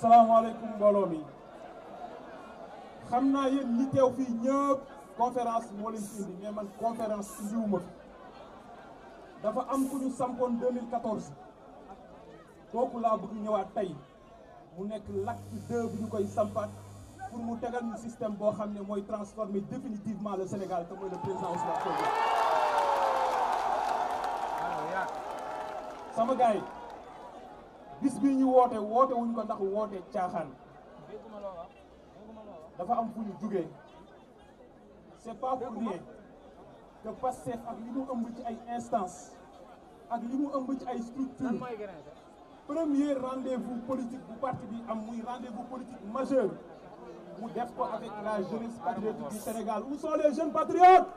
salaamaaleykum mbooloo mi xam naa yéen ñi teew fii ñëpp conférence moo leen fi indi mais man conférence si jiwuma fi dafa am ku ñu sampoon 2014 kooku laa bëgg ñëwaat tey mu nekk l'acte deux bi ñu koy sampaat pour mu tegal ñu système boo xam ne mooy transformer définitivement le Sénégal te mooy le président Ousmane Sonko sama gars yi bis bi ñu woté woté wuñ ko ndax lo wax dafa am fu ñu jugee c'est pas pour rien que Pastef ak li mu ëmb ci ay instances ak li mu ëmb ci ay structures premier rendez-vous politique bu parti bi am muy rendez-vous politique majeur mu def ko avec la jeunesse patriotique du Sénégal où sont les jeunes patriotes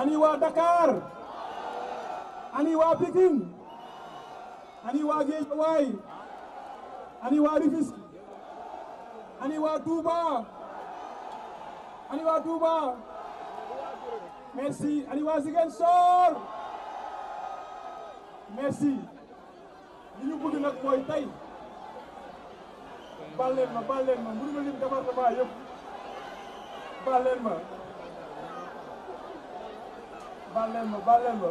ani waa Dakar ani waa Pikine ani waa Guédiawaye ani waa Rufisque ani waa Touba ani waa Touba merci ani waa Ziguinchor merci li ñu bëgg nag mooy tey baal ma baal leen ma mënu ma lim département yëpp baal ma baal ma baal ma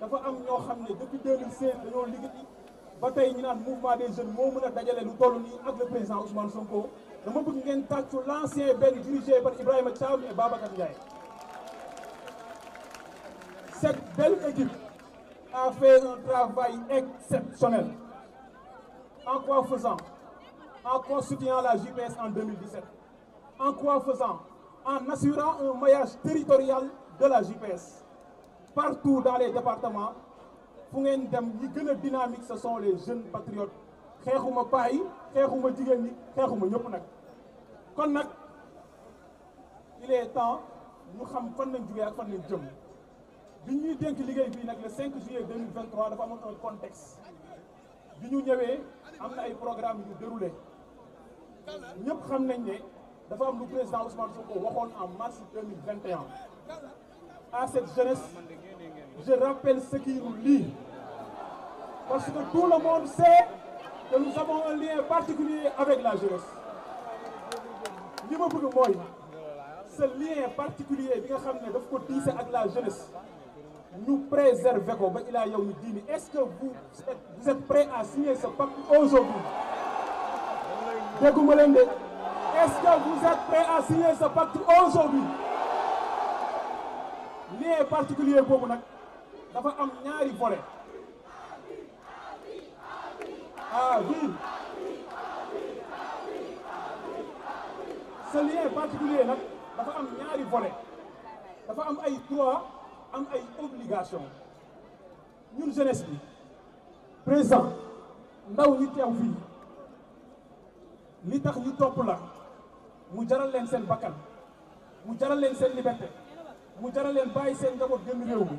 depuis 2005, nous avons ba mouvement des jeunes moo lu le président Ousmane Sonko dama bëgg ngeen l'ancien bel dirigé par Ibrahima Thiam et Babacar Ndiaye. cette belle équipe a fait un travail exceptionnel en quoi faisant en constituant la JPS en 2017 en quoi faisant en assurant un maillage territorial de la JPS partout dans les départements fu ngeen dem ñi ce sont les jeunes patriotes xeexuma un pays, je jigéen ñi xeexuma ñëpp nag kon nag il est temps ñu xam où lañ jugee ak où lañ jëm bi dénk le 5 juillet 2023 dafa amoon un contexte bi ñu ñëwee am na ay programme yu déroulé ñëpp xam nañ ne dafa am le président Ousmane Sonko waxoon en mars 2021 à cette jeunesse je rappelle ce qui nous lie. Parce que tout le monde sait que nous avons un lien particulier avec la jeunesse. ce lien particulier nous nga la jeunesse nous préserver est-ce que vous êtes prêts à signer ce pacte aujourd'hui est-ce que vous êtes prêts à signer ce pacte aujourd'hui lien particulier pour vous. dafa am ñaari volet à vie ce lien particulier nag dafa am ñaari volet dafa am ay droit am ay obligation ñun jeunesse bi présent ndaw ñi teew fii li tax ñu topp la mu jaral leen seen bakkan mu jaral leen seen liberté mu jaral leen bàyyi seen njaboot génn réew mi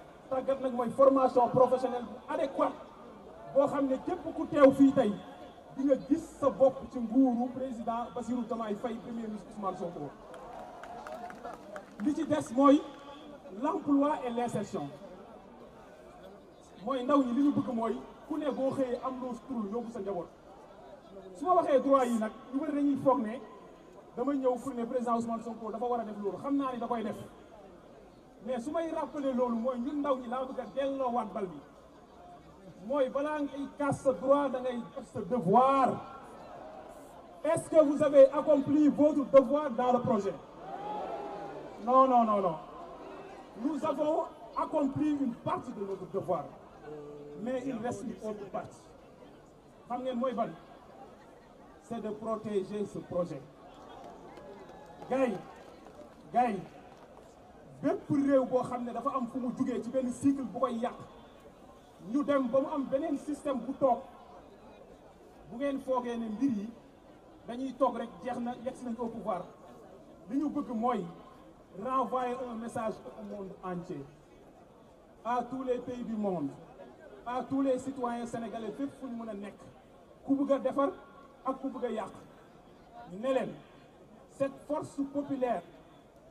tagat nak moy formation professionnelle adéquate bo xamné ne képp ku teew fi tay di nga gis sa bopp ci nguuru président Bassirou Tamay Fay premier ministre Ousmane Sonko li ci dess moy l'emploi et l'insertion moy ndaw ñi li ñu bëgg moy ku né boo xëyee am loo suturlu yóbbu sa njaboot suma waxé droit yi nak ñu bëri dañuy fogné dama ñëw pour ne président Ousmane Sonko dafa wara def loolu xamna ni da koy def mais si rappelé loolu mooy ñun dit ñi nous avons le que bal avons droit devoir est-ce que vous avez accompli votre devoir dans le projet non non non non nous avons accompli une partie de notre devoir mais il reste une autre partie c'est de protéger ce projet Gaï. gagne bépp réew boo xam dafa am fu cycle bu koy ñu am système bu bu mbir yi dañuy rek pouvoir renvoyer un message au monde entier à tous les pays du monde à tous les citoyens sénégalais fu ñu nekk ku ak cette force populaire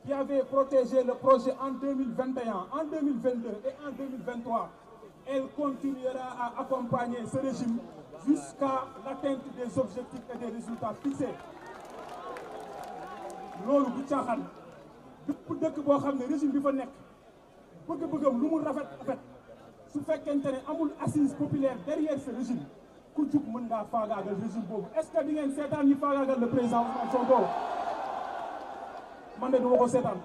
qui avait protégé le projet en 2021, en 2022 et en 2023, elle continuera à accompagner ce régime jusqu'à l'atteinte des objectifs et des résultats fixés. Lolo du caaxaan dëpp dëkk boo xam régime bi fa nek bëgg-bëggam lu mu rafet rafet su fekkente ne amul assise populaire derrière ce régime ku jug mën ngaa faagaagal régime boobu est-ce que di ngeen seetaan ñu faagaagal le président Ousmane Sonko man de duma ko seetaan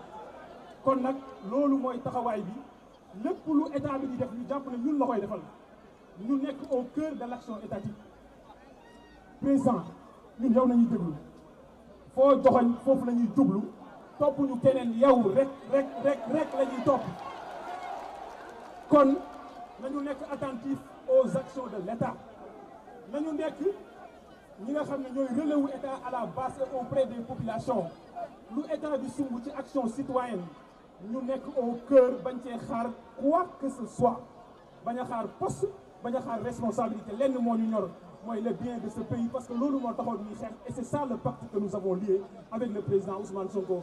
kon nak loolu moy taxaway bi lepp lu état bi di def ñu jàpp ne ñun la koy defal ñu nekk au cœur de l'action étatique président ñun yow nañu déglu fo joxoñ fofu lañuy ñuy jublu ñu keneen yow rek rek rek rek lañuy top kon nañu nekk attentif aux actions de l'état nañu nekk nous nga à la base auprès des populations lu état du sumb ci action citoyenne Nous sommes au cœur de quoi que ce soit Nous a xaar poste une responsabilité lenn de ñu ñor est le bien de ce pays parce que nous train de et c'est ça le pacte que nous avons lié avec le président Ousmane Sonko